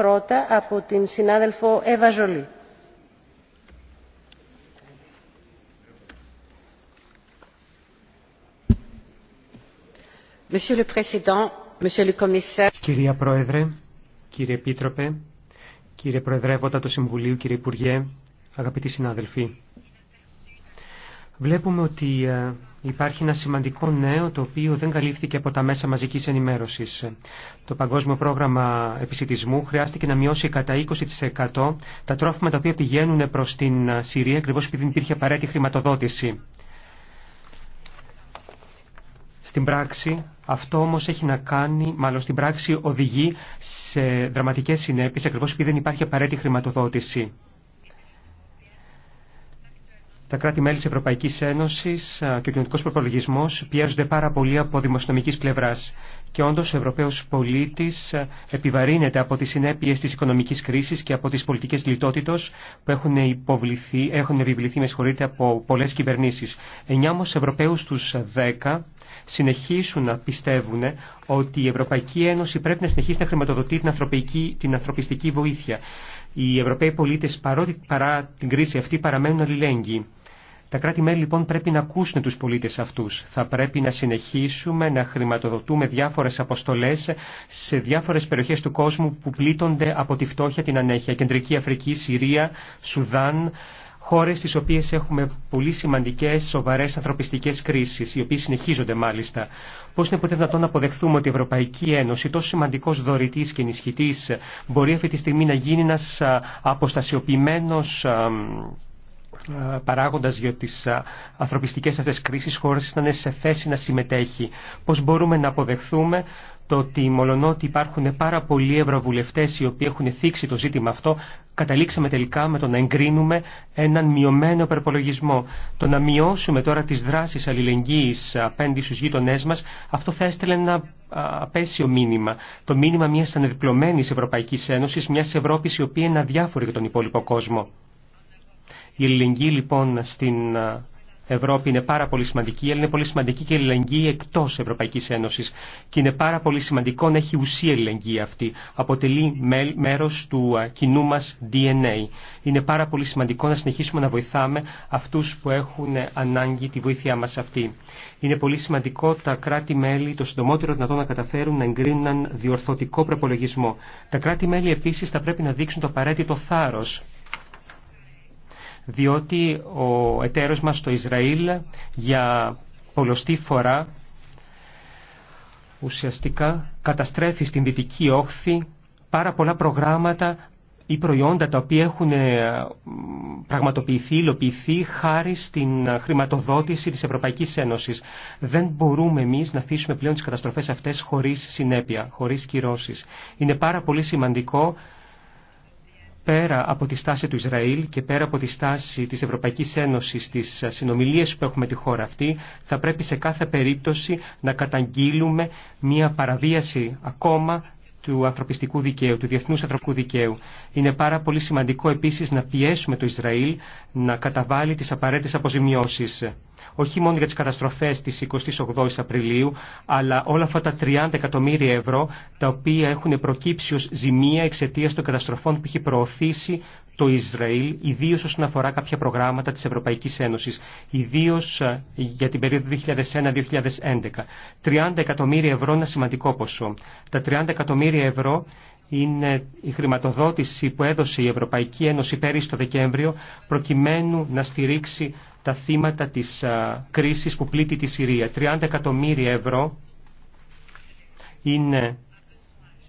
πρώτα από την συνάδελφο Εύα Ζολή. Κυρία Πρόεδρε, κύριε Επίτροπε, κύριε Προεδρεύοντα του Συμβουλίου, κύριε Υπουργέ, αγαπητοί συνάδελφοι. Βλέπουμε ότι ε, υπάρχει ένα σημαντικό νέο το οποίο δεν καλύφθηκε από τα μέσα μαζικής ενημέρωσης. Το Παγκόσμιο Πρόγραμμα Επισητισμού χρειάστηκε να μειώσει κατά 20% τα τρόφιμα τα οποία πηγαίνουν προς την ε, Συρία ακριβώς επειδή δεν υπήρχε απαραίτητη χρηματοδότηση. Στην πράξη, αυτό όμως έχει να κάνει, μάλλον στην πράξη οδηγεί σε δραματικές συνέπειες ακριβώς επειδή δεν υπάρχει απαραίτητη χρηματοδότηση. Τα κράτη-μέλη της Ευρωπαϊκής Ένωσης και ο κοινωνικός προπολογισμός πιέζονται πάρα πολύ από δημοσιονομικής πλευράς και όντως ο Ευρωπαίος πολίτης επιβαρύνεται από τις συνέπειες της οικονομικής κρίσης και από τις πολιτικές λιτότητος που έχουν, υποβληθεί, έχουν επιβληθεί με συγχωρείτε, από πολλές κυβερνήσεις. Εννιά όμως Ευρωπαίους τους 10 συνεχίσουν να πιστεύουν ότι η Ευρωπαϊκή Ένωση πρέπει να συνεχίσει να χρηματοδοτεί την, την ανθρωπιστική βοήθεια. Οι Ευρωπαίοι πολίτε, παρά την κρίση αυτή παραμένουν αλληλέγγυοι. Τα κράτη-μέλη λοιπόν πρέπει να ακούσουν τους πολίτες αυτούς. Θα πρέπει να συνεχίσουμε να χρηματοδοτούμε διάφορες αποστολές σε διάφορες περιοχές του κόσμου που πλήττονται από τη φτώχεια την ανέχεια. Κεντρική Αφρική, Συρία, Σουδάν, χώρες στις οποίες έχουμε πολύ σημαντικές σοβαρές ανθρωπιστικές κρίσεις, οι οποίες συνεχίζονται μάλιστα. Πώς είναι ποτέ δυνατόν να αποδεχθούμε ότι η Ευρωπαϊκή Ένωση, τόσο σημαντικός δωρητής και ενισχυτής, μπορεί αυτή τη στιγμή να γίνει ένας αποστασιοποιημένος ε, παράγοντας για τις ε, ανθρωπιστικές αυτές κρίσεις χώρες ήταν σε θέση να συμμετέχει. Πώς μπορούμε να αποδεχθούμε το ότι μολονότι υπάρχουν πάρα πολλοί ευρωβουλευτές οι οποίοι έχουν θίξει το ζήτημα αυτό, καταλήξαμε τελικά με το να εγκρίνουμε έναν μειωμένο υπερπολογισμό. Το να μειώσουμε τώρα τις δράσεις αλληλεγγύης απέντη στους γείτονές μας, αυτό θα έστελε ένα απέσιο μήνυμα. Το μήνυμα μιας ανεδιπλωμένης Ευρωπαϊκής Ένωσης, μιας Ευρώπης η οποία είναι αδιάφορη για τον υπόλοιπο κόσμο. Η ελληνική λοιπόν στην Ευρώπη είναι πάρα πολύ σημαντική, αλλά είναι πολύ σημαντική και η ελληνική εκτό Ευρωπαϊκή Ένωση. Και είναι πάρα πολύ σημαντικό να έχει ουσία η ελληνική αυτή. Αποτελεί μέρο του κοινού μα DNA. Είναι πάρα πολύ σημαντικό να συνεχίσουμε να βοηθάμε αυτού που έχουν ε, ανάγκη τη βοήθειά μα αυτή. Είναι πολύ σημαντικό τα κράτη-μέλη το συντομότερο δυνατόν να καταφέρουν να εγκρίνουν έναν διορθωτικό προπολογισμό. Τα κράτη-μέλη επίση θα πρέπει να δείξουν το απαραίτητο θάρρο διότι ο εταίρος μας στο Ισραήλ για πολλωστή φορά ουσιαστικά καταστρέφει στην δυτική όχθη πάρα πολλά προγράμματα ή προϊόντα τα οποία έχουν ε, πραγματοποιηθεί, υλοποιηθεί χάρη στην χρηματοδότηση της Ευρωπαϊκής Ένωσης. Δεν μπορούμε εμείς να αφήσουμε πλέον τις καταστροφές αυτές χωρίς συνέπεια, χωρίς κυρώσεις. Είναι πάρα πολύ σημαντικό πέρα από τη στάση του Ισραήλ και πέρα από τη στάση της Ευρωπαϊκής Ένωσης στις συνομιλίες που έχουμε τη χώρα αυτή, θα πρέπει σε κάθε περίπτωση να καταγγείλουμε μια παραβίαση ακόμα του ανθρωπιστικού δικαίου, του διεθνούς ανθρωπικού δικαίου. Είναι πάρα πολύ σημαντικό επίσης να πιέσουμε το Ισραήλ να καταβάλει τις απαραίτητες αποζημιώσεις όχι μόνο για τις καταστροφές της 28ης Απριλίου, αλλά όλα αυτά τα 30 εκατομμύρια ευρώ τα οποία έχουν προκύψει ως ζημία εξαιτίας των καταστροφών που έχει προωθήσει το Ισραήλ, ιδίω όσον αφορά κάποια προγράμματα τη Ευρωπαϊκή Ένωση, ιδίω ε, για την περίοδο 2001-2011. 30 εκατομμύρια ευρώ είναι ένα σημαντικό ποσό. Τα 30 εκατομμύρια ευρώ είναι η χρηματοδότηση που έδωσε η Ευρωπαϊκή Ένωση πέρυσι το Δεκέμβριο προκειμένου να στηρίξει τα θύματα της κρίσης που πλήττει τη Συρία. 30 εκατομμύρια ευρώ είναι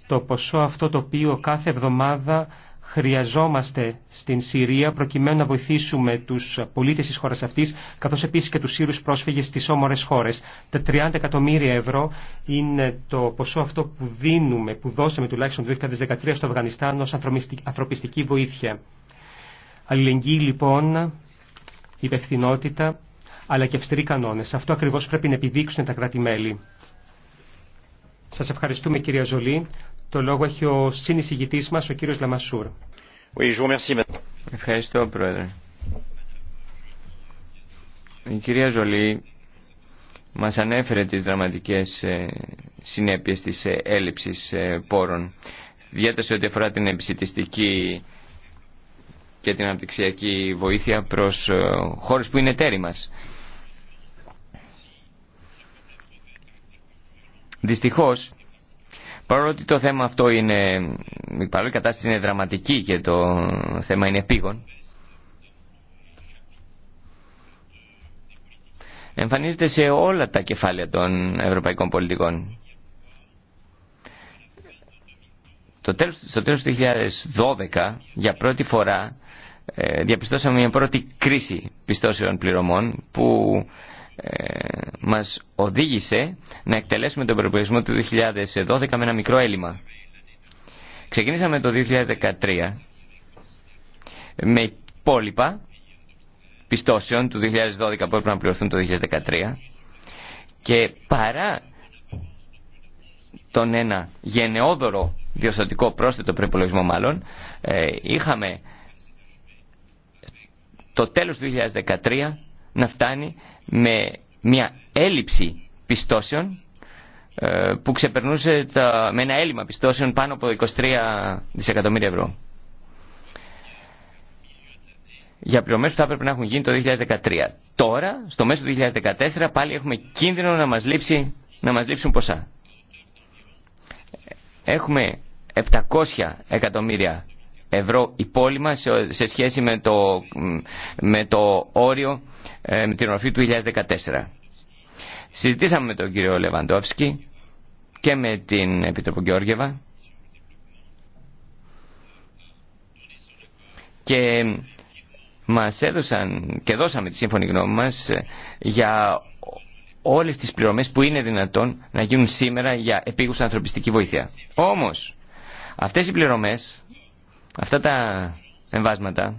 το ποσό αυτό το οποίο κάθε εβδομάδα χρειαζόμαστε στην Συρία προκειμένου να βοηθήσουμε τους πολίτες της χώρας αυτής καθώς επίσης και τους Σύρους πρόσφυγες στις όμορες χώρες. Τα 30 εκατομμύρια ευρώ είναι το ποσό αυτό που δίνουμε, που δώσαμε τουλάχιστον το 2013 στο Αφγανιστάν ως ανθρωπιστική βοήθεια. Αλληλεγγύη λοιπόν υπευθυνότητα αλλά και αυστηροί κανόνε. Αυτό ακριβώς πρέπει να επιδείξουν τα κράτη-μέλη. Σας ευχαριστούμε κυρία Ζολή. Το λόγο έχει ο συνεισηγητή μα, ο κύριος Λαμασούρ. Ευχαριστώ πρόεδρε. Η κυρία Ζολή μας ανέφερε τις δραματικές ε, συνέπειες της ε, έλλειψης ε, πόρων. Διέτασε ότι αφορά την επισητιστική και την αναπτυξιακή βοήθεια προς ε, χώρες που είναι τέρι μας. Δυστυχώς, παρόλο ότι το θέμα αυτό είναι, παρόλο η κατάσταση είναι δραματική και το θέμα είναι επίγον, εμφανίζεται σε όλα τα κεφάλαια των ευρωπαϊκών πολιτικών. Το τέλος, στο τέλος του 2012, για πρώτη φορά, ε, διαπιστώσαμε μια πρώτη κρίση πιστώσεων πληρωμών που ε, μας οδήγησε να εκτελέσουμε τον προπολογισμό του 2012 με ένα μικρό έλλειμμα. Ξεκινήσαμε το 2013 με υπόλοιπα πιστώσεων του 2012 που έπρεπε να πληρωθούν το 2013 και παρά τον ένα γενναιόδωρο διορθωτικό πρόσθετο προπολογισμό μάλλον ε, είχαμε το τέλος του 2013 να φτάνει με μια έλλειψη πιστώσεων ε, που ξεπερνούσε τα, με ένα έλλειμμα πιστώσεων πάνω από 23 δισεκατομμύρια ευρώ. Για πληρωμές που θα έπρεπε να έχουν γίνει το 2013. Τώρα, στο μέσο του 2014, πάλι έχουμε κίνδυνο να μας, λείψει, να μας λείψουν ποσά. Έχουμε 700 εκατομμύρια ευρώ υπόλοιμα σε σχέση με το, με το όριο, ε, με την οροφή του 2014. Συζητήσαμε με τον κύριο Λεβαντόφσκι και με την Επίτροπο Γεώργεβα και μας έδωσαν και δώσαμε τη σύμφωνη γνώμη μας για όλες τις πληρωμές που είναι δυνατόν να γίνουν σήμερα για επίγουσα ανθρωπιστική βοήθεια. Όμως, αυτές οι πληρωμές Αυτά τα εμβάσματα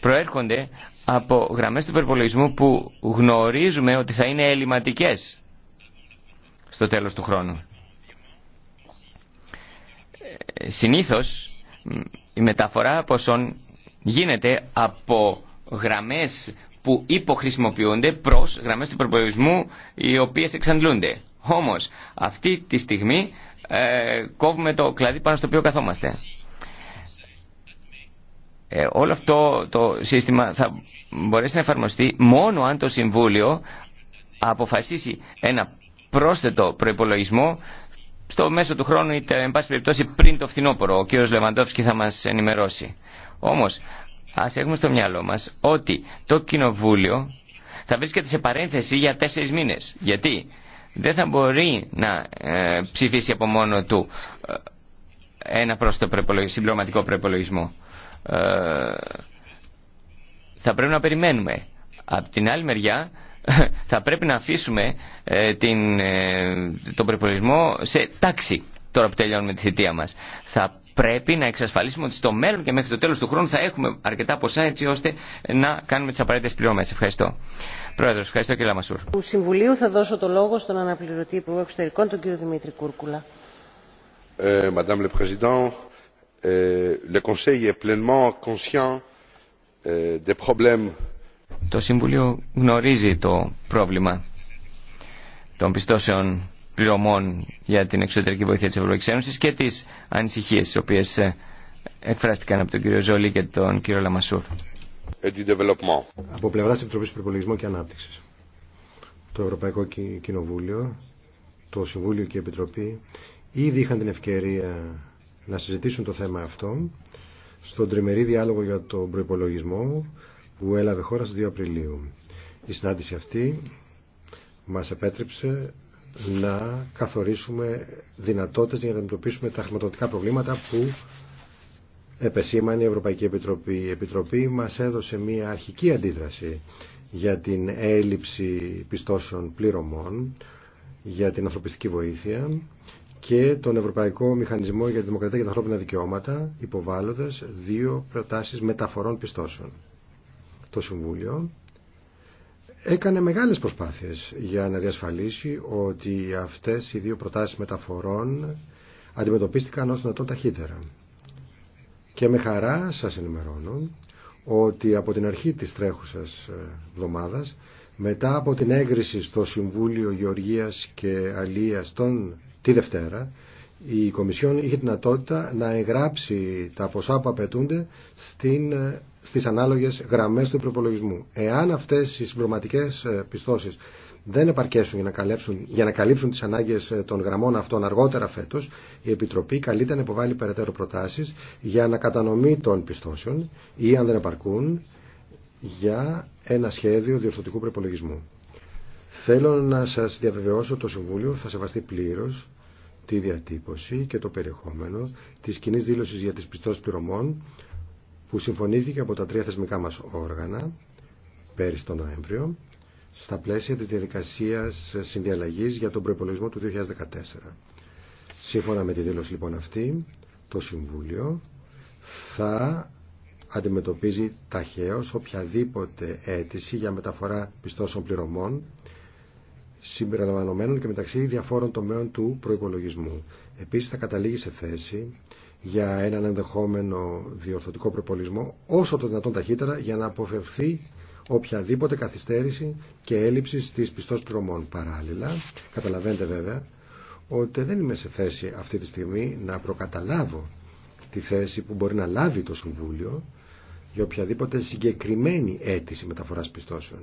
προέρχονται από γραμμές του υπερπολογισμού που γνωρίζουμε ότι θα είναι ελληματικές στο τέλος του χρόνου. Ε, συνήθως η μεταφορά ποσών γίνεται από γραμμές που υποχρησιμοποιούνται προς γραμμές του υπερπολογισμού οι οποίες εξαντλούνται. Όμως αυτή τη στιγμή ε, κόβουμε το κλαδί πάνω στο οποίο καθόμαστε. Ε, όλο αυτό το σύστημα θα μπορέσει να εφαρμοστεί μόνο αν το Συμβούλιο αποφασίσει ένα πρόσθετο προϋπολογισμό στο μέσο του χρόνου ή εν πάση περιπτώσει πριν το φθινόπωρο. Ο κ. Λεβαντόφσκι θα μας ενημερώσει. Όμως ας έχουμε στο μυαλό μας ότι το Κοινοβούλιο θα βρίσκεται σε παρένθεση για τέσσερις μήνες. Γιατί δεν θα μπορεί να ε, ψηφίσει από μόνο του ε, ένα πρόσθετο το συμπληρωματικό προπολογισμό. Ε, θα πρέπει να περιμένουμε. Από την άλλη μεριά θα πρέπει να αφήσουμε ε, την, τον προπολογισμό σε τάξη τώρα που τελειώνουμε τη θητεία μας πρέπει να εξασφαλίσουμε ότι στο μέλλον και μέχρι το τέλος του χρόνου θα έχουμε αρκετά ποσά έτσι ώστε να κάνουμε τις απαραίτητες πληρώμες. Ευχαριστώ. Πρόεδρος, ευχαριστώ κύριε Λαμασούρ. Του Συμβουλίου θα δώσω το λόγο στον αναπληρωτή Υπουργό Εξωτερικών, τον κύριο Δημήτρη Κούρκουλα. Ε, Madame le Président, ε, le Conseil est pleinement conscient ε, des problèmes το Συμβουλίο γνωρίζει το πρόβλημα των πιστώσεων πληρωμών για την εξωτερική βοήθεια της Ευρωπαϊκής Ένωσης και τις ανησυχίες τις οποίες ε, εκφράστηκαν από τον κύριο Ζόλη και τον κύριο Λαμασούρ. Ε, από πλευράς Επιτροπής Προπολογισμού και Ανάπτυξης, το Ευρωπαϊκό Κοινοβούλιο, το Συμβούλιο και η Επιτροπή ήδη είχαν την ευκαιρία να συζητήσουν το θέμα αυτό στον τριμερή διάλογο για τον προϋπολογισμό που έλαβε χώρα στις 2 Απριλίου. Η συνάντηση αυτή μας επέτρεψε να καθορίσουμε δυνατότητες για να αντιμετωπίσουμε τα χρηματοδοτικά προβλήματα που επεσήμανε η Ευρωπαϊκή Επιτροπή. Η Επιτροπή μας έδωσε μια αρχική αντίδραση για την έλλειψη πιστώσεων πληρωμών, για την ανθρωπιστική βοήθεια και τον Ευρωπαϊκό Μηχανισμό για τη Δημοκρατία και τα Ανθρώπινα Δικαιώματα, υποβάλλοντας δύο προτάσεις μεταφορών πιστώσεων. Το Συμβούλιο έκανε μεγάλες προσπάθειες για να διασφαλίσει ότι αυτές οι δύο προτάσεις μεταφορών αντιμετωπίστηκαν ως το ταχύτερα. Και με χαρά σας ενημερώνω ότι από την αρχή της τρέχουσας ε, εβδομάδας, μετά από την έγκριση στο Συμβούλιο Γεωργίας και Αλίας τον, τη Δευτέρα, η Κομισιόν είχε δυνατότητα να εγγράψει τα ποσά που απαιτούνται στην, ε, στις ανάλογες γραμμές του προπολογισμού. Εάν αυτές οι συμπληρωματικές ε, πιστώσεις δεν επαρκέσουν για να, καλύψουν, για να καλύψουν τις ανάγκες ε, των γραμμών αυτών αργότερα φέτος, η Επιτροπή καλείται να υποβάλει περαιτέρω προτάσεις για ανακατανομή των πιστώσεων ή αν δεν επαρκούν για ένα σχέδιο διορθωτικού προπολογισμού. Θέλω να σας διαβεβαιώσω το Συμβούλιο θα σεβαστεί πλήρως τη διατύπωση και το περιεχόμενο της κοινή δήλωσης για τις πιστώσεις πληρωμών που συμφωνήθηκε από τα τρία θεσμικά μας όργανα πέρυσι τον Νοέμβριο στα πλαίσια της διαδικασίας συνδιαλλαγής για τον προϋπολογισμό του 2014. Σύμφωνα με τη δήλωση λοιπόν αυτή, το Συμβούλιο θα αντιμετωπίζει ταχαίως οποιαδήποτε αίτηση για μεταφορά πιστώσεων πληρωμών συμπεριλαμβανομένων και μεταξύ διαφόρων τομέων του προπολογισμού. Επίση θα καταλήγει σε θέση για έναν ενδεχόμενο διορθωτικό προπολισμό όσο το δυνατόν ταχύτερα για να αποφευθεί οποιαδήποτε καθυστέρηση και έλλειψη στις πιστός πληρωμών. Παράλληλα, καταλαβαίνετε βέβαια ότι δεν είμαι σε θέση αυτή τη στιγμή να προκαταλάβω τη θέση που μπορεί να λάβει το Συμβούλιο για οποιαδήποτε συγκεκριμένη αίτηση μεταφοράς πιστώσεων.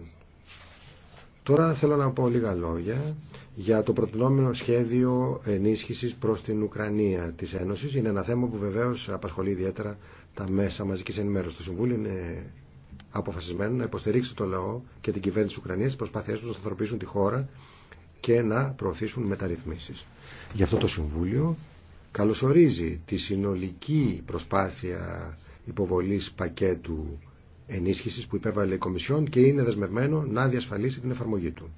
Τώρα θέλω να πω λίγα λόγια για το προτινόμενο σχέδιο ενίσχυσης προς την Ουκρανία της Ένωσης. Είναι ένα θέμα που βεβαίως απασχολεί ιδιαίτερα τα μέσα μαζικής ενημέρωσης. Το Συμβούλιο είναι αποφασισμένο να υποστηρίξει το λαό και την κυβέρνηση της Ουκρανίας στις προσπάθειές τους να σταθεροποιήσουν τη χώρα και να προωθήσουν μεταρρυθμίσεις. Γι' αυτό το Συμβούλιο καλωσορίζει τη συνολική προσπάθεια υποβολής πακέτου ενίσχυσης που υπέβαλε η Κομισιόν και είναι δεσμευμένο να διασφαλίσει την εφαρμογή του.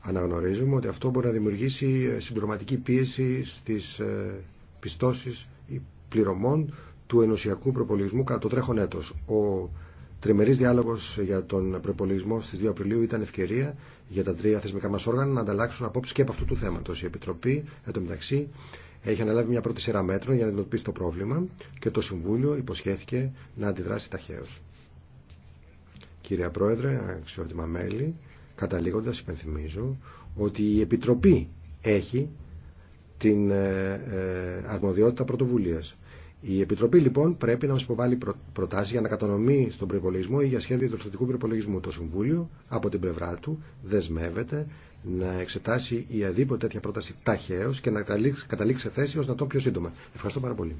Αναγνωρίζουμε ότι αυτό μπορεί να δημιουργήσει ε, συμπληρωματική πίεση στις ε, πιστώσεις ή πληρωμών του ενωσιακού προπολογισμού κατά το τρέχον έτος. Ο τριμερής διάλογος για τον προπολογισμό στις 2 Απριλίου ήταν ευκαιρία για τα τρία θεσμικά μα όργανα να ανταλλάξουν απόψεις και από αυτού του θέματος. Η Επιτροπή, εν τω μεταξύ, έχει αναλάβει μια πρώτη σειρά μέτρων για να αντιμετωπίσει το πρόβλημα και το Συμβούλιο υποσχέθηκε να αντιδράσει ταχαίως. Κυρία Πρόεδρε, αξιότιμα μέλη, καταλήγοντας υπενθυμίζω ότι η Επιτροπή έχει την ε, ε, αρμοδιότητα πρωτοβουλίας. Η Επιτροπή λοιπόν πρέπει να μα υποβάλει προτάσει για ανακατανομή στον προπολογισμό ή για σχέδιο διορθωτικού προπολογισμού. Το Συμβούλιο από την πλευρά του δεσμεύεται να εξετάσει η αδίποτε τέτοια πρόταση ταχαίω και να καταλήξει σε θέση ως να το πιο σύντομα. Ευχαριστώ πάρα πολύ.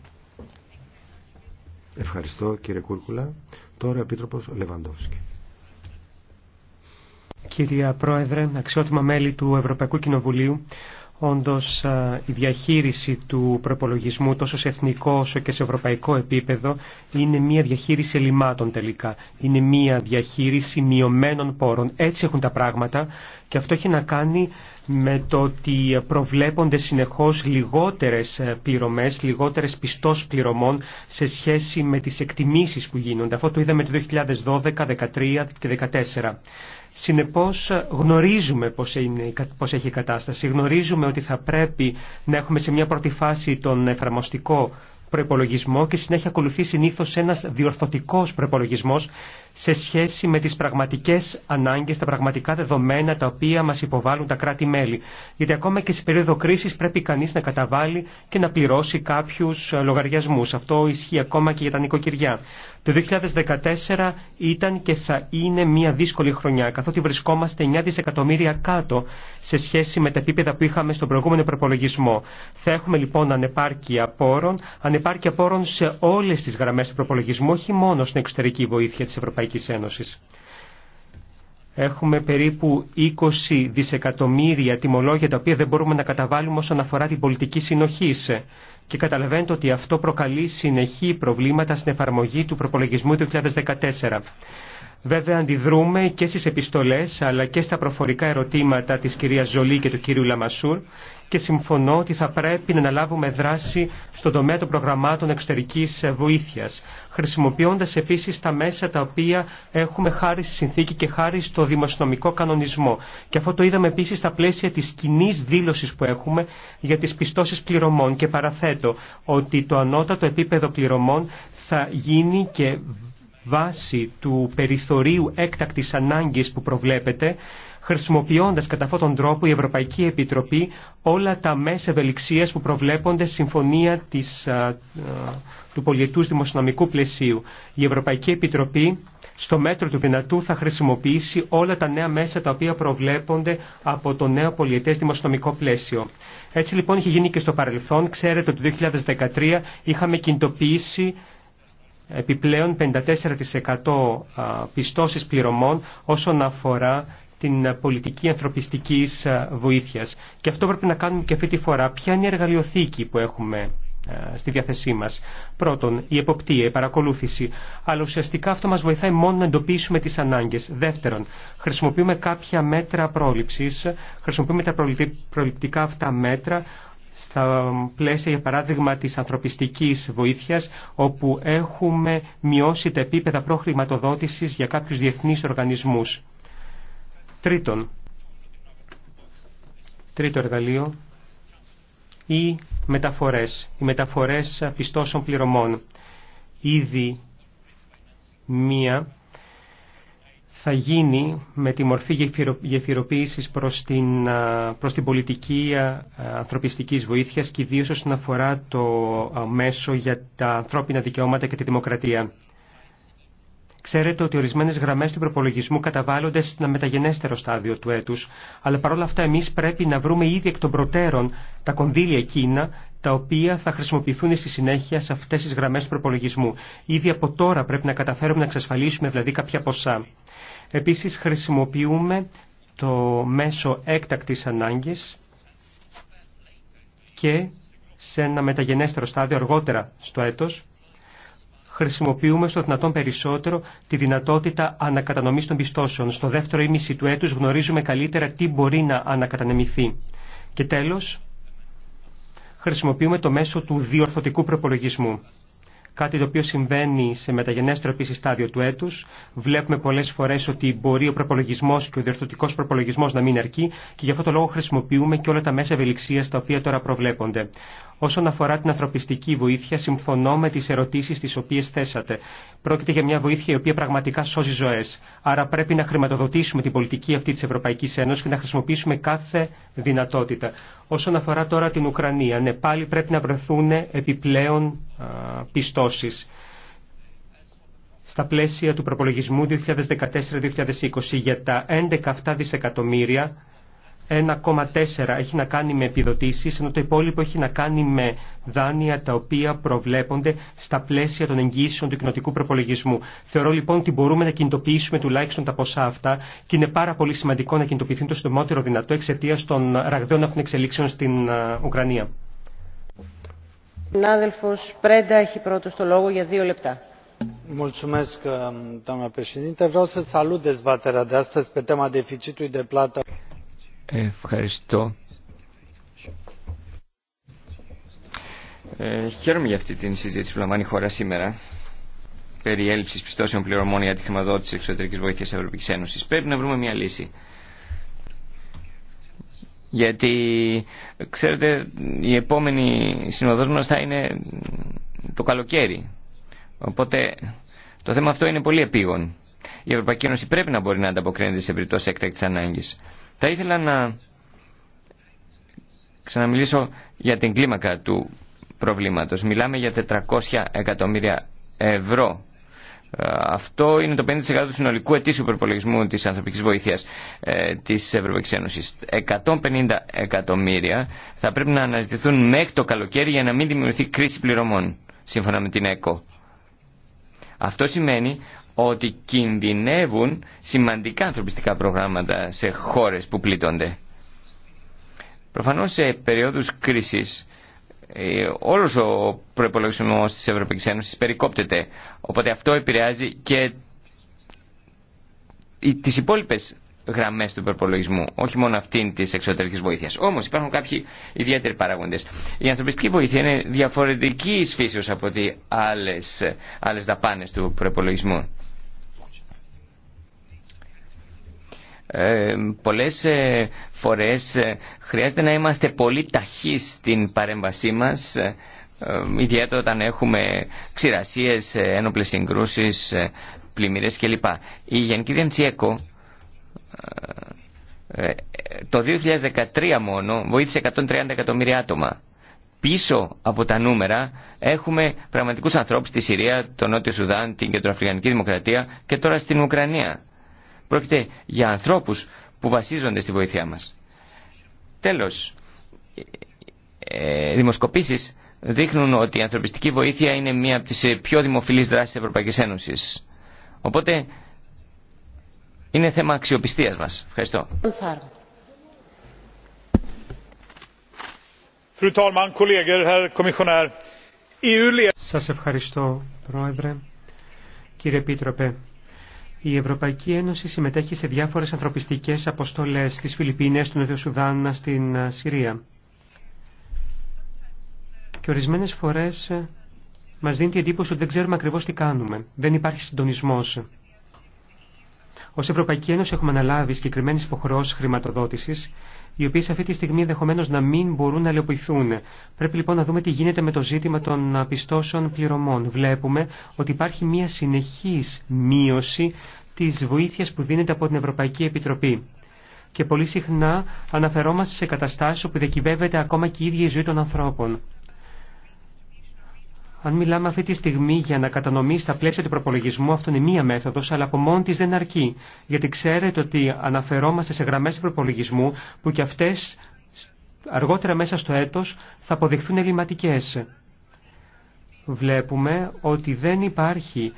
Ευχαριστώ κύριε Κούρκουλα. Τώρα ο Επίτροπος Λεβαντόφσκι. Κυρία Πρόεδρε, αξιότιμα μέλη του Ευρωπαϊκού Κοινοβουλίου, Όντως η διαχείριση του προπολογισμού τόσο σε εθνικό όσο και σε ευρωπαϊκό επίπεδο είναι μια διαχείριση ελλημάτων τελικά. Είναι μια διαχείριση μειωμένων πόρων. Έτσι έχουν τα πράγματα και αυτό έχει να κάνει με το ότι προβλέπονται συνεχώς λιγότερες ε, πληρωμές, λιγότερες πιστός πληρωμών σε σχέση με τις εκτιμήσεις που γίνονται. Αυτό το είδαμε το 2012, 2013 και 2014. Συνεπώς γνωρίζουμε πώς, είναι, πώς έχει η κατάσταση, γνωρίζουμε ότι θα πρέπει να έχουμε σε μια πρώτη φάση τον εφαρμοστικό προπολογισμό και συνέχεια ακολουθεί συνήθω ένας διορθωτικός προπολογισμό σε σχέση με τις πραγματικέ ανάγκες, τα πραγματικά δεδομένα τα οποία μας υποβάλλουν τα κράτη-μέλη. Γιατί ακόμα και σε περίοδο κρίσης πρέπει κανείς να καταβάλει και να πληρώσει κάποιους λογαριασμούς. Αυτό ισχύει ακόμα και για τα νοικοκυριά. Το 2014 ήταν και θα είναι μια δύσκολη χρονιά, καθότι βρισκόμαστε 9 δισεκατομμύρια κάτω σε σχέση με τα επίπεδα που είχαμε στον προηγούμενο προπολογισμό. Θα έχουμε λοιπόν ανεπάρκεια πόρων, ανεπάρκεια πόρων σε όλε τι γραμμέ του προπολογισμού, όχι μόνο στην εξωτερική βοήθεια τη Ευρωπαϊκή Ένωση. Έχουμε περίπου 20 δισεκατομμύρια τιμολόγια τα οποία δεν μπορούμε να καταβάλουμε όσον αφορά την πολιτική συνοχή και καταλαβαίνετε ότι αυτό προκαλεί συνεχή προβλήματα στην εφαρμογή του προπολογισμού του 2014. Βέβαια αντιδρούμε και στις επιστολές αλλά και στα προφορικά ερωτήματα της κυρίας Ζολή και του κύριου Λαμασούρ και συμφωνώ ότι θα πρέπει να αναλάβουμε δράση στον τομέα των προγραμμάτων εξωτερικής βοήθειας, χρησιμοποιώντας επίσης τα μέσα τα οποία έχουμε χάρη στη συνθήκη και χάρη στο δημοσιονομικό κανονισμό. Και αυτό το είδαμε επίσης στα πλαίσια της κοινή δήλωσης που έχουμε για τις πιστώσεις πληρωμών και παραθέτω ότι το ανώτατο επίπεδο πληρωμών θα γίνει και βάση του περιθωρίου έκτακτης ανάγκης που προβλέπεται χρησιμοποιώντας κατά αυτόν τον τρόπο η Ευρωπαϊκή Επιτροπή όλα τα μέσα ευελιξίας που προβλέπονται στη συμφωνία της, του πολιετούς δημοσιονομικού πλαισίου. Η Ευρωπαϊκή Επιτροπή στο μέτρο του δυνατού θα χρησιμοποιήσει όλα τα νέα μέσα τα οποία προβλέπονται από το νέο πολιετές δημοσιονομικό πλαίσιο. Έτσι λοιπόν είχε γίνει και στο παρελθόν. Ξέρετε ότι το 2013 είχαμε κινητοποιήσει επιπλέον 54% πιστώσεις πληρωμών όσον αφορά την πολιτική ανθρωπιστικής ε, βοήθειας. Και αυτό πρέπει να κάνουμε και αυτή τη φορά. Ποια είναι η εργαλειοθήκη που έχουμε ε, στη διάθεσή μας. Πρώτον, η εποπτεία, η παρακολούθηση. Αλλά ουσιαστικά αυτό μας βοηθάει μόνο να εντοπίσουμε τις ανάγκες. Δεύτερον, χρησιμοποιούμε κάποια μέτρα πρόληψης, χρησιμοποιούμε τα προληπτικά αυτά μέτρα, στα πλαίσια, για παράδειγμα, της ανθρωπιστικής βοήθειας, όπου έχουμε μειώσει τα επίπεδα προχρηματοδότησης για κάποιους διεθνείς οργανισμούς. Τρίτον, τρίτο εργαλείο, οι μεταφορές, οι μεταφορές πιστώσεων πληρωμών. Ήδη μία θα γίνει με τη μορφή γεφυροποίησης προς την, προς την πολιτική ανθρωπιστικής βοήθειας και ιδίως όσον αφορά το μέσο για τα ανθρώπινα δικαιώματα και τη δημοκρατία. Ξέρετε ότι ορισμένε γραμμέ του προπολογισμού καταβάλλονται σε ένα μεταγενέστερο στάδιο του έτου, αλλά παρόλα αυτά εμεί πρέπει να βρούμε ήδη εκ των προτέρων τα κονδύλια εκείνα τα οποία θα χρησιμοποιηθούν στη συνέχεια σε αυτέ τι γραμμέ του προπολογισμού. Ήδη από τώρα πρέπει να καταφέρουμε να εξασφαλίσουμε δηλαδή κάποια ποσά. Επίση χρησιμοποιούμε το μέσο έκτακτη ανάγκη και σε ένα μεταγενέστερο στάδιο αργότερα στο έτος χρησιμοποιούμε στο δυνατόν περισσότερο τη δυνατότητα ανακατανομή των πιστώσεων. Στο δεύτερο ήμιση του έτου γνωρίζουμε καλύτερα τι μπορεί να ανακατανεμηθεί. Και τέλο, χρησιμοποιούμε το μέσο του διορθωτικού προπολογισμού. Κάτι το οποίο συμβαίνει σε μεταγενέστερο επίση στάδιο του έτου. Βλέπουμε πολλέ φορέ ότι μπορεί ο προπολογισμό και ο διορθωτικό προπολογισμό να μην αρκεί και γι' αυτό το λόγο χρησιμοποιούμε και όλα τα μέσα ευελιξία τα οποία τώρα προβλέπονται. Όσον αφορά την ανθρωπιστική βοήθεια, συμφωνώ με τι ερωτήσει τι οποίε θέσατε. Πρόκειται για μια βοήθεια η οποία πραγματικά σώζει ζωέ. Άρα πρέπει να χρηματοδοτήσουμε την πολιτική αυτή τη Ευρωπαϊκή Ένωση και να χρησιμοποιήσουμε κάθε δυνατότητα. Όσον αφορά τώρα την Ουκρανία, ναι, πάλι πρέπει να βρεθούν επιπλέον πιστώσει στα πλαίσια του προπολογισμού 2014-2020 για τα 11 αυτά δισεκατομμύρια 1,4 έχει να κάνει με επιδοτήσεις, ενώ το υπόλοιπο έχει να κάνει με δάνεια τα οποία προβλέπονται στα πλαίσια των εγγύσεων του κοινοτικού προπολογισμού. Θεωρώ λοιπόν ότι μπορούμε να κινητοποιήσουμε τουλάχιστον τα ποσά αυτά και είναι πάρα πολύ σημαντικό να κινητοποιηθούν το συντομότερο δυνατό εξαιτία των ραγδαίων αυτών εξελίξεων στην Ουκρανία. Συνάδελφο Πρέντα έχει πρώτο το λόγο για δύο λεπτά. Mulțumesc, um, doamna președinte. Vreau să salut dezbaterea de astăzi pe tema deficitului Ευχαριστώ. Ε, χαίρομαι για αυτή την συζήτηση που λαμβάνει η χώρα σήμερα περί έλλειψης πιστώσεων πληρωμών για τη χρηματοδότηση εξωτερικής βοήθειας της Ευρωπαϊκής Ένωσης. Πρέπει να βρούμε μια λύση. Γιατί, ξέρετε, η επόμενη συνοδός μας θα είναι το καλοκαίρι. Οπότε το θέμα αυτό είναι πολύ επίγον. Η Ευρωπαϊκή Ένωση πρέπει να μπορεί να ανταποκρίνεται σε περιπτώσει έκτακτη ανάγκη. Θα ήθελα να ξαναμιλήσω για την κλίμακα του προβλήματος. Μιλάμε για 400 εκατομμύρια ευρώ. Ε, αυτό είναι το 50% του συνολικού ετήσιου προπολογισμού της ανθρωπικής βοήθειας ε, της Ευρωπαϊκής Ένωσης. 150 εκατομμύρια θα πρέπει να αναζητηθούν μέχρι το καλοκαίρι για να μην δημιουργηθεί κρίση πληρωμών, σύμφωνα με την ΕΚΟ. Αυτό σημαίνει ότι κινδυνεύουν σημαντικά ανθρωπιστικά προγράμματα σε χώρες που πλήττονται. Προφανώς σε περίοδους κρίσης ε, όλος ο προϋπολογισμός της Ευρωπαϊκής Ένωσης περικόπτεται. Οπότε αυτό επηρεάζει και τις υπόλοιπες γραμμές του προπολογισμού, όχι μόνο αυτήν της εξωτερικής βοήθειας. Όμως υπάρχουν κάποιοι ιδιαίτεροι παράγοντες. Η ανθρωπιστική βοήθεια είναι διαφορετική φύσεως από τι άλλες, άλλες του προπολογισμού. Ε, πολλές ε, φορές ε, χρειάζεται να είμαστε πολύ ταχεί στην παρέμβασή μας ιδιαίτερα όταν έχουμε ξηρασίες, ένοπλες συγκρούσεις, πλημμύρες κλπ. Η Γενική Διαντσιέκο το 2013 μόνο βοήθησε 130 εκατομμύρια άτομα. Πίσω από τα νούμερα έχουμε πραγματικούς ανθρώπους στη Συρία, τον Νότιο Σουδάν, την Κεντροαφρικανική Δημοκρατία και τώρα στην Ουκρανία. Πρόκειται για ανθρώπους που βασίζονται στη βοήθειά μας. Τέλος, ε, δημοσκοπήσεις δείχνουν ότι η ανθρωπιστική βοήθεια είναι μία από τις ε, πιο δημοφιλείς δράσεις της Ευρωπαϊκής Ένωσης. Οπότε είναι θέμα αξιοπιστίας μας. Ευχαριστώ. E e- Σας ευχαριστώ, Πρόεδρε. Κύριε Επίτροπε, η Ευρωπαϊκή Ένωση συμμετέχει σε διάφορες ανθρωπιστικές αποστολές στις Φιλιππίνες, στον Νότιο Σουδάν, στην ε, Συρία. Και ορισμένες φορές ε, μας δίνει την εντύπωση ότι δεν ξέρουμε ακριβώς τι κάνουμε. Δεν υπάρχει συντονισμός. Ω Ευρωπαϊκή Ένωση έχουμε αναλάβει συγκεκριμένε υποχρεώσει χρηματοδότησης οι οποίε αυτή τη στιγμή ενδεχομένω να μην μπορούν να λεωποιηθούν. Πρέπει λοιπόν να δούμε τι γίνεται με το ζήτημα των πιστώσεων πληρωμών. Βλέπουμε ότι υπάρχει μια συνεχή μείωση τη βοήθεια που δίνεται από την Ευρωπαϊκή Επιτροπή. Και πολύ συχνά αναφερόμαστε σε καταστάσει όπου διακυβεύεται ακόμα και η ίδια η ζωή των ανθρώπων. Αν μιλάμε αυτή τη στιγμή για να κατανομή στα πλαίσια του προπολογισμού, αυτό είναι μία μέθοδο, αλλά από μόνη τη δεν αρκεί. Γιατί ξέρετε ότι αναφερόμαστε σε γραμμέ του προπολογισμού που και αυτέ αργότερα μέσα στο έτο θα αποδειχθούν ελληματικέ. Βλέπουμε ότι δεν υπάρχει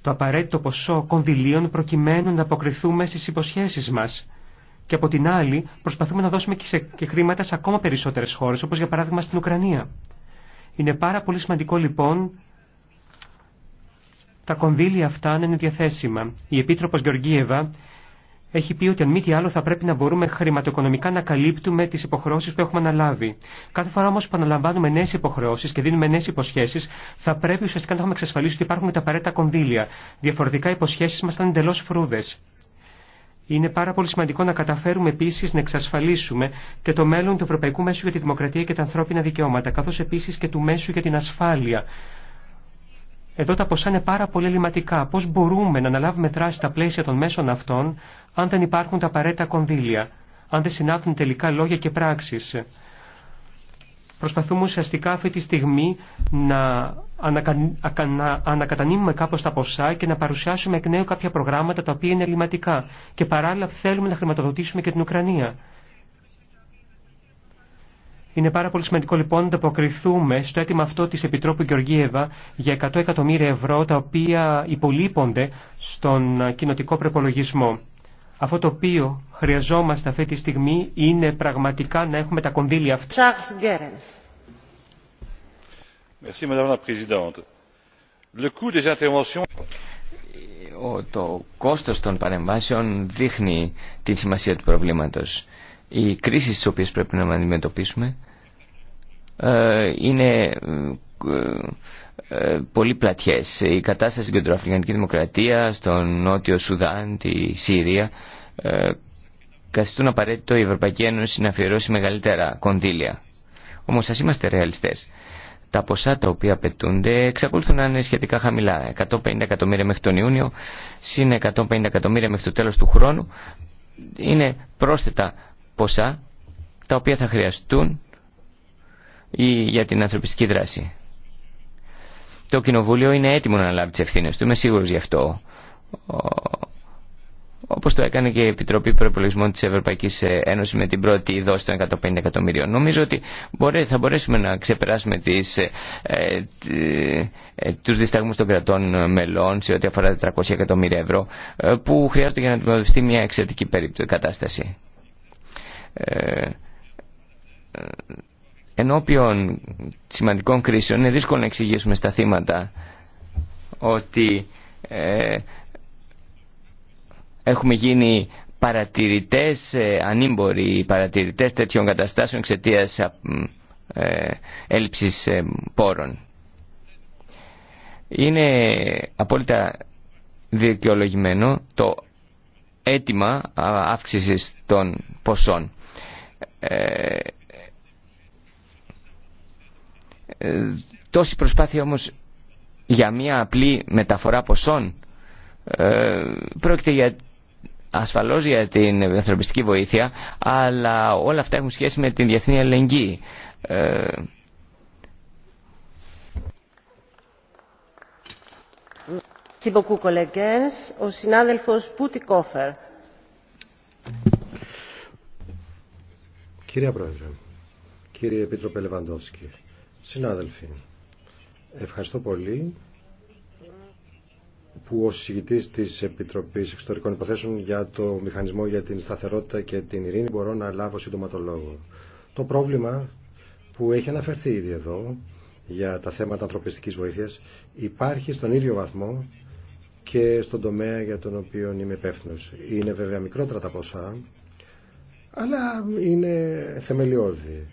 το απαραίτητο ποσό κονδυλίων προκειμένου να αποκριθούμε στι υποσχέσει μα. Και από την άλλη, προσπαθούμε να δώσουμε και χρήματα σε ακόμα περισσότερε χώρε, όπω για παράδειγμα στην Ουκρανία. Είναι πάρα πολύ σημαντικό λοιπόν τα κονδύλια αυτά να είναι διαθέσιμα. Η Επίτροπος Γεωργίευα έχει πει ότι αν μη τι άλλο θα πρέπει να μπορούμε χρηματοοικονομικά να καλύπτουμε τι υποχρεώσει που έχουμε αναλάβει. Κάθε φορά όμω που αναλαμβάνουμε νέε υποχρεώσει και δίνουμε νέε υποσχέσει, θα πρέπει ουσιαστικά να έχουμε εξασφαλίσει ότι υπάρχουν τα απαραίτητα κονδύλια. Διαφορετικά οι υποσχέσει μα είναι εντελώ φρούδε. Είναι πάρα πολύ σημαντικό να καταφέρουμε επίση να εξασφαλίσουμε και το μέλλον του Ευρωπαϊκού Μέσου για τη Δημοκρατία και τα ανθρώπινα δικαιώματα, καθώ επίση και του Μέσου για την Ασφάλεια. Εδώ τα ποσά είναι πάρα πολύ ελληματικά. Πώ μπορούμε να αναλάβουμε δράση στα πλαίσια των μέσων αυτών, αν δεν υπάρχουν τα απαραίτητα κονδύλια, αν δεν συνάπτουν τελικά λόγια και πράξει. Προσπαθούμε ουσιαστικά αυτή τη στιγμή να ανακατανύμουμε κάπως τα ποσά και να παρουσιάσουμε εκ νέου κάποια προγράμματα τα οποία είναι ελληματικά. Και παράλληλα θέλουμε να χρηματοδοτήσουμε και την Ουκρανία. Είναι πάρα πολύ σημαντικό λοιπόν να αποκριθούμε στο αίτημα αυτό της Επιτρόπου Γεωργίευα για 100 εκατομμύρια ευρώ τα οποία υπολείπονται στον κοινοτικό προπολογισμό. Αυτό το οποίο χρειαζόμαστε αυτή τη στιγμή είναι πραγματικά να έχουμε τα κονδύλια αυτά. Το κόστος των παρεμβάσεων δείχνει την σημασία του προβλήματος. Οι κρίσεις τις οποίες πρέπει να αντιμετωπίσουμε ε, είναι ε, ε, πολύ πλατιές. Η κατάσταση στην Κεντροαφρικανική Δημοκρατία, στον Νότιο Σουδάν, τη Σύρια, ε, καθιστούν απαραίτητο η Ευρωπαϊκή Ένωση να αφιερώσει μεγαλύτερα κονδύλια. Όμως ας είμαστε ρεαλιστές. Τα ποσά τα οποία απαιτούνται εξακολουθούν να είναι σχετικά χαμηλά. 150 εκατομμύρια μέχρι τον Ιούνιο, συν 150 εκατομμύρια μέχρι το τέλος του χρόνου. Είναι πρόσθετα ποσά τα οποία θα χρειαστούν για την ανθρωπιστική δράση το Κοινοβούλιο είναι έτοιμο να αναλάβει τι ευθύνε του. Είμαι σίγουρο γι' αυτό. Όπω το έκανε και η Επιτροπή Προπολογισμών τη Ευρωπαϊκή ε, Ένωση με την πρώτη δόση των 150 εκατομμυρίων. Νομίζω ότι θα μπορέσουμε να ξεπεράσουμε ε, ε, ε του δισταγμού των κρατών μελών σε ό,τι αφορά τα 400 εκατομμύρια ευρώ που χρειάζονται για να αντιμετωπιστεί μια εξαιρετική περίπτωση κατάσταση. Ε, ενώπιον σημαντικών κρίσεων είναι δύσκολο να εξηγήσουμε στα θύματα ότι ε, έχουμε γίνει παρατηρητές ε, ανήμποροι, παρατηρητές τέτοιων καταστάσεων εξαιτία ε, ε, πόρων. Είναι απόλυτα δικαιολογημένο το αίτημα αύξησης των ποσών. Ε, ε, τόση προσπάθεια όμως για μια απλή μεταφορά ποσών ε, πρόκειται για ασφαλώς για την ανθρωπιστική βοήθεια, αλλά όλα αυτά έχουν σχέση με την διεθνή αλληλεγγύη. Ε, Ο συνάδελφος Πουτικόφερ. Κύριε Πρόεδρε, κύριε Επίτροπε Λεβαντόφσκι, Συνάδελφοι, ευχαριστώ πολύ που ως συγητής της Επιτροπής Εξωτερικών Υποθέσεων για το Μηχανισμό για την Σταθερότητα και την Ειρήνη μπορώ να λάβω σύντομα το λόγο. Το πρόβλημα που έχει αναφερθεί ήδη εδώ για τα θέματα ανθρωπιστικής βοήθειας υπάρχει στον ίδιο βαθμό και στον τομέα για τον οποίο είμαι υπεύθυνο. Είναι βέβαια μικρότερα τα ποσά, αλλά είναι θεμελιώδη.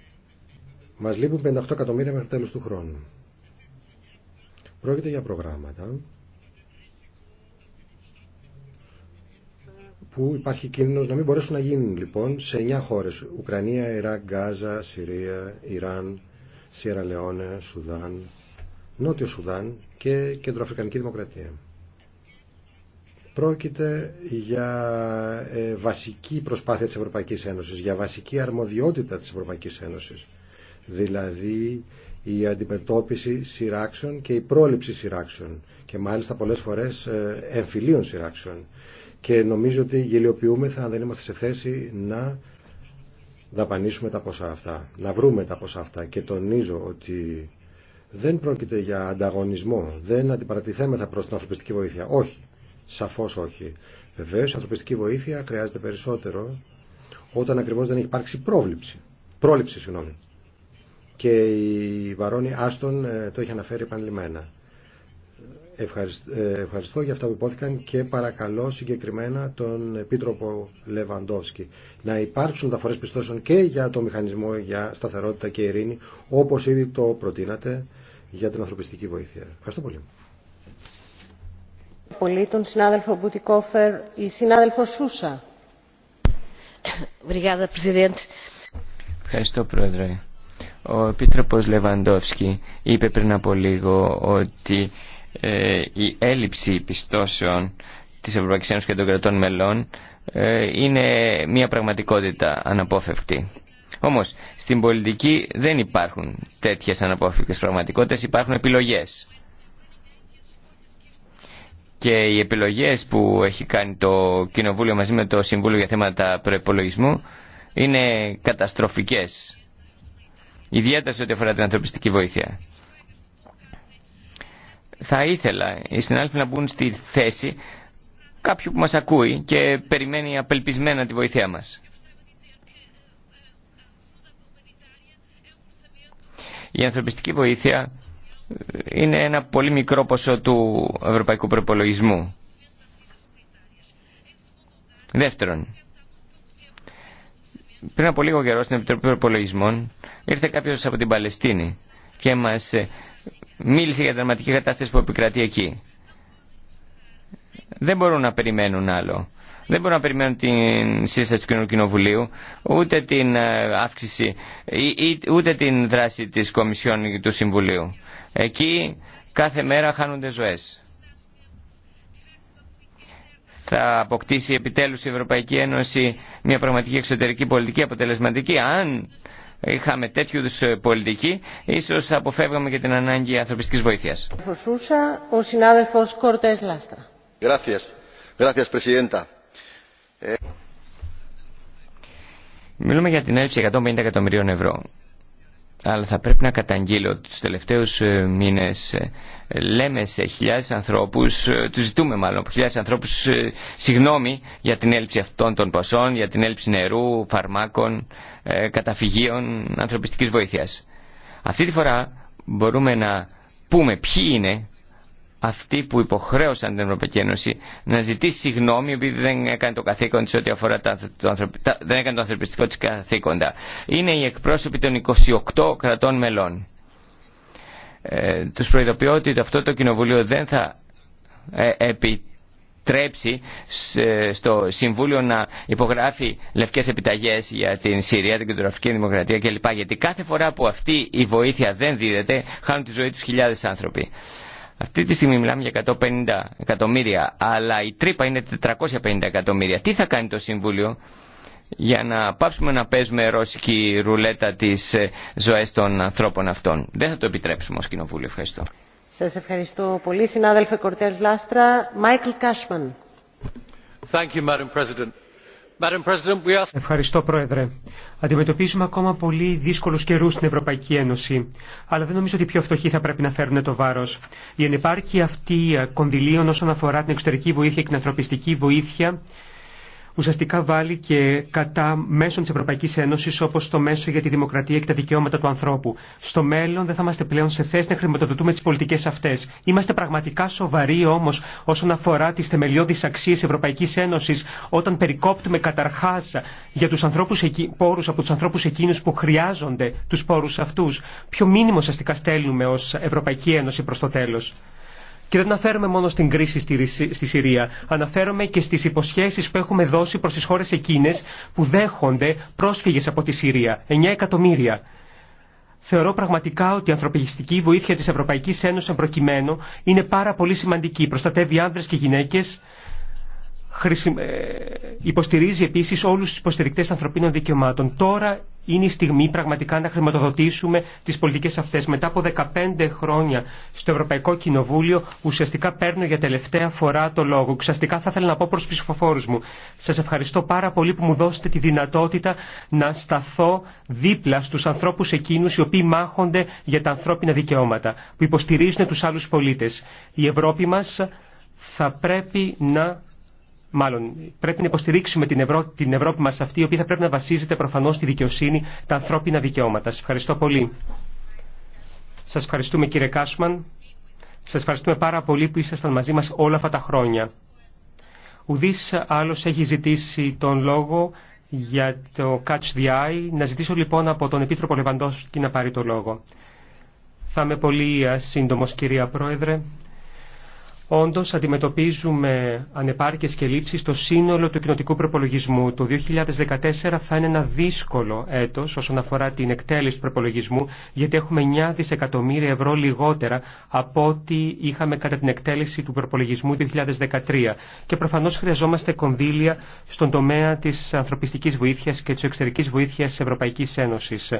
Μας λείπουν 58 εκατομμύρια μέχρι τέλος του χρόνου. Πρόκειται για προγράμματα που υπάρχει κίνδυνος να μην μπορέσουν να γίνουν λοιπόν σε 9 χώρες. Ουκρανία, Ιράκ, Γκάζα, Συρία, Ιράν, Σιέρα Σουδάν, Νότιο Σουδάν και Κεντροαφρικανική Δημοκρατία. Πρόκειται για ε, βασική προσπάθεια της Ευρωπαϊκής Ένωσης, για βασική αρμοδιότητα της Ευρωπαϊκής Ένωσης δηλαδή η αντιμετώπιση σειράξεων και η πρόληψη σειράξεων και μάλιστα πολλές φορές ε, εμφυλίων σειράξεων και νομίζω ότι γελιοποιούμεθα αν δεν είμαστε σε θέση να δαπανίσουμε τα ποσά αυτά, να βρούμε τα ποσά αυτά και τονίζω ότι δεν πρόκειται για ανταγωνισμό, δεν αντιπαρατηθέμεθα προς την ανθρωπιστική βοήθεια. Όχι, σαφώς όχι. Βεβαίω η ανθρωπιστική βοήθεια χρειάζεται περισσότερο όταν ακριβώς δεν έχει υπάρξει πρόβληψη. πρόληψη. Συγγνώμη και η Βαρόνη Άστον ε, το έχει αναφέρει επανειλημμένα. Ε, ευχαριστώ για αυτά που υπόθηκαν και παρακαλώ συγκεκριμένα τον Επίτροπο Λεβαντόφσκι να υπάρξουν τα φορές πιστώσεων και για το μηχανισμό για σταθερότητα και ειρήνη όπως ήδη το προτείνατε για την ανθρωπιστική βοήθεια. Ευχαριστώ πολύ. Πολύ τον Ευχαριστώ Πρόεδρε. Ο Επίτροπος Λεβαντόφσκι είπε πριν από λίγο ότι ε, η έλλειψη πιστώσεων της Ευρωπαϊκής Ένωσης και των κρατών μελών ε, είναι μια πραγματικότητα αναπόφευκτη. Όμως στην πολιτική δεν υπάρχουν τέτοιες αναπόφευκτες πραγματικότητες, υπάρχουν επιλογές. Και οι επιλογές που έχει κάνει το Κοινοβούλιο μαζί με το Συμβούλιο για θέματα προπολογισμού είναι καταστροφικές ιδιαίτερα σε ό,τι αφορά την ανθρωπιστική βοήθεια. Θα ήθελα οι συνάδελφοι να μπουν στη θέση κάποιου που μας ακούει και περιμένει απελπισμένα τη βοήθειά μας. Η ανθρωπιστική βοήθεια είναι ένα πολύ μικρό ποσό του ευρωπαϊκού προπολογισμού. Δεύτερον, πριν από λίγο καιρό στην Επιτροπή Προπολογισμών ήρθε κάποιο από την Παλαιστίνη και μα ε, μίλησε για την δραματική κατάσταση που επικρατεί εκεί. Δεν μπορούν να περιμένουν άλλο. Δεν μπορούν να περιμένουν την σύσταση του Κοινοβουλίου, ούτε την ε, αύξηση, ούτε την δράση της Κομισιόν του Συμβουλίου. Εκεί κάθε μέρα χάνονται ζωές θα αποκτήσει επιτέλους η Ευρωπαϊκή Ένωση μια πραγματική εξωτερική πολιτική αποτελεσματική. Αν είχαμε τέτοιου είδους ε, πολιτική, ίσως αποφεύγαμε και την ανάγκη ανθρωπιστικής βοήθειας. Μιλούμε για την έλλειψη 150 εκατομμυρίων ευρώ αλλά θα πρέπει να καταγγείλω τους τελευταίους ε, μήνες ε, λέμε σε χιλιάδες ανθρώπους, ε, τους ζητούμε μάλλον από χιλιάδες ανθρώπους συγγνώμη για την έλλειψη αυτών των ποσών, για την έλλειψη νερού, φαρμάκων, καταφυγίων, ανθρωπιστικής βοήθειας. Αυτή τη φορά μπορούμε να πούμε ποιοι είναι αυτοί που υποχρέωσαν την Ευρωπαϊκή Ένωση να ζητήσει συγγνώμη επειδή δεν έκανε το καθήκον της ό,τι αφορά τα, το, δεν έκανε το ανθρωπιστικό της καθήκοντα. Είναι οι εκπρόσωποι των 28 κρατών μελών. Ε, τους προειδοποιώ ότι αυτό το κοινοβουλίο δεν θα ε, επιτρέψει στο Συμβούλιο να υπογράφει λευκές επιταγές για την Συρία, την Κεντροαφική Δημοκρατία κλπ. Γιατί κάθε φορά που αυτή η βοήθεια δεν δίδεται χάνουν τη ζωή τους χιλιάδες άνθρωποι. Αυτή τη στιγμή μιλάμε για 150 εκατομμύρια, αλλά η τρύπα είναι 450 εκατομμύρια. Τι θα κάνει το Συμβούλιο για να πάψουμε να παίζουμε ρώσικη ρουλέτα τις ε, ζωές των ανθρώπων αυτών. Δεν θα το επιτρέψουμε ως Κοινοβούλιο. Ευχαριστώ. Σας ευχαριστώ πολύ, συνάδελφε Κορτέρ Λάστρα. Μάικλ Κάσμαν. Ευχαριστώ, Πρόεδρε. Αντιμετωπίζουμε ακόμα πολύ δύσκολου καιρού στην Ευρωπαϊκή Ένωση. Αλλά δεν νομίζω ότι οι πιο φτωχοί θα πρέπει να φέρουν το βάρο. Η ανεπάρκεια αυτή κονδυλίων όσον αφορά την εξωτερική βοήθεια και την ανθρωπιστική βοήθεια ουσιαστικά βάλει και κατά μέσων της Ευρωπαϊκής Ένωσης όπως το μέσο για τη δημοκρατία και τα δικαιώματα του ανθρώπου. Στο μέλλον δεν θα είμαστε πλέον σε θέση να χρηματοδοτούμε τις πολιτικές αυτές. Είμαστε πραγματικά σοβαροί όμως όσον αφορά τις θεμελιώδεις αξίες Ευρωπαϊκής Ένωσης όταν περικόπτουμε καταρχάς για τους ανθρώπους εκεί, πόρους από τους ανθρώπους εκείνους που χρειάζονται τους πόρους αυτούς. Ποιο μήνυμα ουσιαστικά στέλνουμε ως Ευρωπαϊκή Ένωση προς το τέλος. Και δεν αναφέρομαι μόνο στην κρίση στη Συρία. Αναφέρομαι και στι υποσχέσει που έχουμε δώσει προ τι χώρε εκείνε που δέχονται πρόσφυγε από τη Συρία. 9 εκατομμύρια. Θεωρώ πραγματικά ότι η ανθρωπιστική βοήθεια τη Ευρωπαϊκή Ένωση προκειμένου είναι πάρα πολύ σημαντική. Προστατεύει άνδρε και γυναίκε ε, υποστηρίζει επίσης όλους τους υποστηρικτές ανθρωπίνων δικαιωμάτων. Τώρα είναι η στιγμή πραγματικά να χρηματοδοτήσουμε τις πολιτικές αυτές. Μετά από 15 χρόνια στο Ευρωπαϊκό Κοινοβούλιο ουσιαστικά παίρνω για τελευταία φορά το λόγο. Ουσιαστικά θα ήθελα να πω προς ψηφοφόρους μου. Σας ευχαριστώ πάρα πολύ που μου δώσετε τη δυνατότητα να σταθώ δίπλα στους ανθρώπους εκείνους οι οποίοι μάχονται για τα ανθρώπινα δικαιώματα, που υποστηρίζουν τους άλλου πολίτες. Η Ευρώπη μας θα πρέπει να Μάλλον πρέπει να υποστηρίξουμε την, Ευρώ... την Ευρώπη μας αυτή, η οποία θα πρέπει να βασίζεται προφανώς στη δικαιοσύνη, τα ανθρώπινα δικαιώματα. Σας ευχαριστώ πολύ. Σας ευχαριστούμε κύριε Κάσμαν. Σας ευχαριστούμε πάρα πολύ που ήσασταν μαζί μας όλα αυτά τα χρόνια. Ουδής άλλος έχει ζητήσει τον λόγο για το Catch the Eye. Να ζητήσω λοιπόν από τον Επίτροπο Λεβαντός και να πάρει το λόγο. Θα είμαι πολύ ε, σύντομος κυρία Πρόεδρε. Όντω, αντιμετωπίζουμε ανεπάρκειες και λήψεις στο σύνολο του κοινοτικού προπολογισμού. Το 2014 θα είναι ένα δύσκολο έτος όσον αφορά την εκτέλεση του προπολογισμού, γιατί έχουμε 9 δισεκατομμύρια ευρώ λιγότερα από ό,τι είχαμε κατά την εκτέλεση του προπολογισμού 2013. Και προφανώς χρειαζόμαστε κονδύλια στον τομέα της ανθρωπιστικής βοήθειας και της εξωτερικής βοήθειας της Ευρωπαϊκής Ένωσης.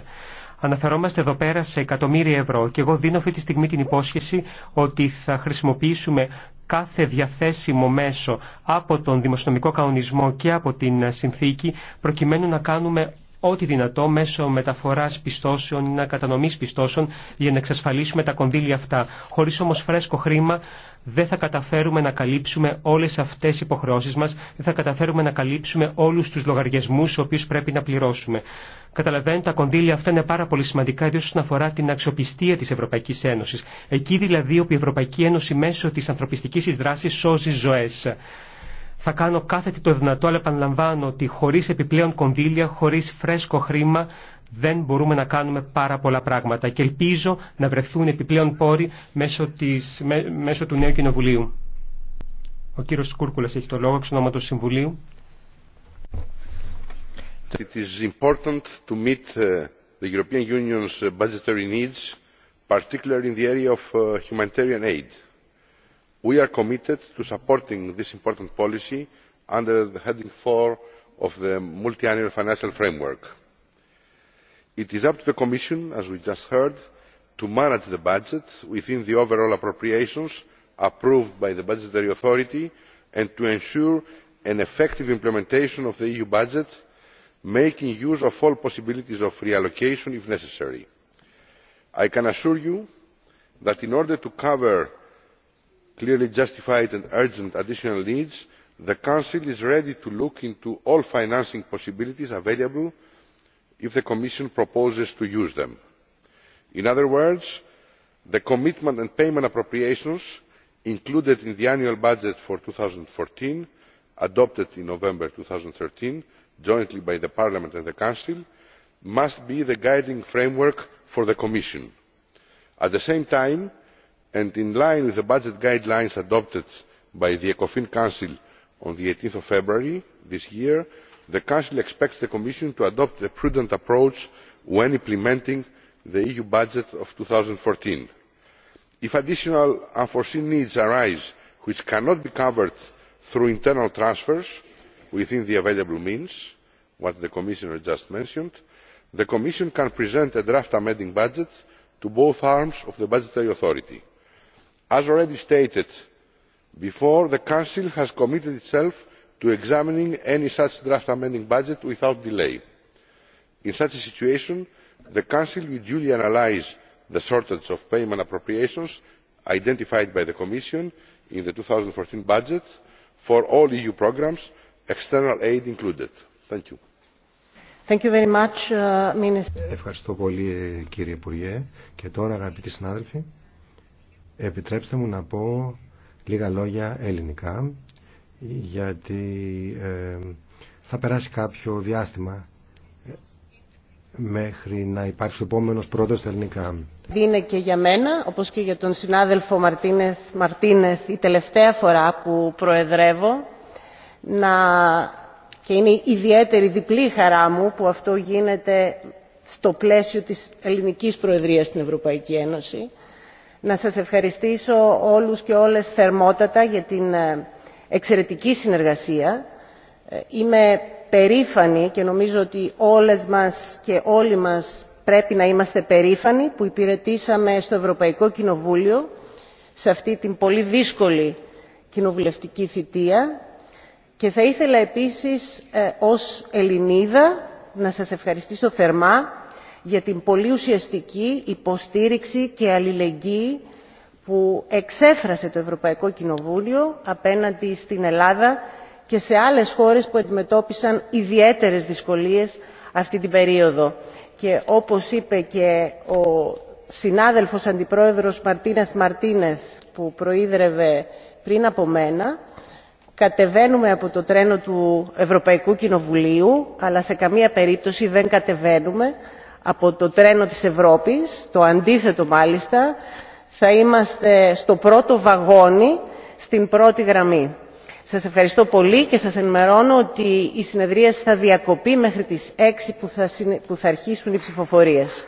Αναφερόμαστε εδώ πέρα σε εκατομμύρια ευρώ και εγώ δίνω αυτή τη στιγμή την υπόσχεση ότι θα χρησιμοποιήσουμε κάθε διαθέσιμο μέσο από τον δημοσιονομικό κανονισμό και από την συνθήκη προκειμένου να κάνουμε ό,τι δυνατό μέσω μεταφοράς πιστώσεων ή κατανομής πιστώσεων για να εξασφαλίσουμε τα κονδύλια αυτά. Χωρί όμω φρέσκο χρήμα δεν θα καταφέρουμε να καλύψουμε όλες αυτές οι υποχρεώσεις μας, δεν θα καταφέρουμε να καλύψουμε όλους τους λογαριασμούς του οποίους πρέπει να πληρώσουμε. Καταλαβαίνετε, τα κονδύλια αυτά είναι πάρα πολύ σημαντικά, ιδίω όσον αφορά την αξιοπιστία τη Ευρωπαϊκή Ένωση. Εκεί δηλαδή όπου η Ευρωπαϊκή Ένωση μέσω τη ανθρωπιστική τη δράση σώζει ζωέ. Θα κάνω κάθε τι το δυνατό, αλλά επαναλαμβάνω ότι χωρί επιπλέον κονδύλια, χωρί φρέσκο χρήμα, δεν μπορούμε να κάνουμε πάρα πολλά πράγματα και ελπίζω να βρεθούν επιπλέον πόροι μέσω, της, μέσω του νέου κοινοβουλίου. Ο κύριος Κούρκουλας έχει το λόγο εξ ονόματος Συμβουλίου. It is important to meet the European Union's budgetary needs, particularly in the area of humanitarian aid. We are committed to supporting this important policy under the heading 4 of the Multiannual Financial Framework it is up to the commission as we just heard to manage the budget within the overall appropriations approved by the budgetary authority and to ensure an effective implementation of the eu budget making use of all possibilities of reallocation if necessary. i can assure you that in order to cover clearly justified and urgent additional needs the council is ready to look into all financing possibilities available if the commission proposes to use them. in other words the commitment and payment appropriations included in the annual budget for two fourteen adopted in november two thirteen jointly by parliament and the council must be the guiding framework for the commission. at the same time and in line with the budget guidelines adopted by the ecofin council on eighteen february this year the council expects the commission to adopt a prudent approach when implementing the eu budget of. 2014. fourteen if additional unforeseen needs arise which cannot be covered through internal transfers within the available means what the commissioner just mentioned the commission can present a draft amending budget to both arms of the budgetary authority. as already stated before the council has committed itself to examining any such draft amending budget without delay. in such a situation the council will duly analyse the shortage of payment appropriations identified by the commission in the two thousand and fourteen budget for all eu programmes external aid included. Thank you. Thank you very much, γιατί ε, θα περάσει κάποιο διάστημα ε, μέχρι να υπάρξει ο επόμενος πρόεδρος στα ελληνικά. Είναι και για μένα, όπως και για τον συνάδελφο Μαρτίνεθ, Μαρτίνεθ η τελευταία φορά που προεδρεύω να... και είναι ιδιαίτερη διπλή χαρά μου που αυτό γίνεται στο πλαίσιο της ελληνικής προεδρίας στην Ευρωπαϊκή Ένωση. Να σας ευχαριστήσω όλους και όλες θερμότατα για την ε, εξαιρετική συνεργασία. Ε, είμαι περήφανη και νομίζω ότι όλες μας και όλοι μας πρέπει να είμαστε περήφανοι που υπηρετήσαμε στο Ευρωπαϊκό Κοινοβούλιο σε αυτή την πολύ δύσκολη κοινοβουλευτική θητεία και θα ήθελα επίσης ε, ως Ελληνίδα να σας ευχαριστήσω θερμά για την πολύ ουσιαστική υποστήριξη και αλληλεγγύη που εξέφρασε το Ευρωπαϊκό Κοινοβούλιο απέναντι στην Ελλάδα και σε άλλες χώρες που αντιμετώπισαν ιδιαίτερες δυσκολίες αυτή την περίοδο. Και όπως είπε και ο συνάδελφος Αντιπρόεδρος Μαρτίνεθ Μαρτίνεθ που προείδρευε πριν από μένα, κατεβαίνουμε από το τρένο του Ευρωπαϊκού Κοινοβουλίου αλλά σε καμία περίπτωση δεν κατεβαίνουμε από το τρένο της Ευρώπης, το αντίθετο μάλιστα θα είμαστε στο πρώτο βαγόνι στην πρώτη γραμμή. σας ευχαριστώ πολύ και σας ενημερώνω ότι η συνεδρίαση θα διακοπεί μέχρι τις έξι που θα αρχίσουν οι ψηφοφορίες.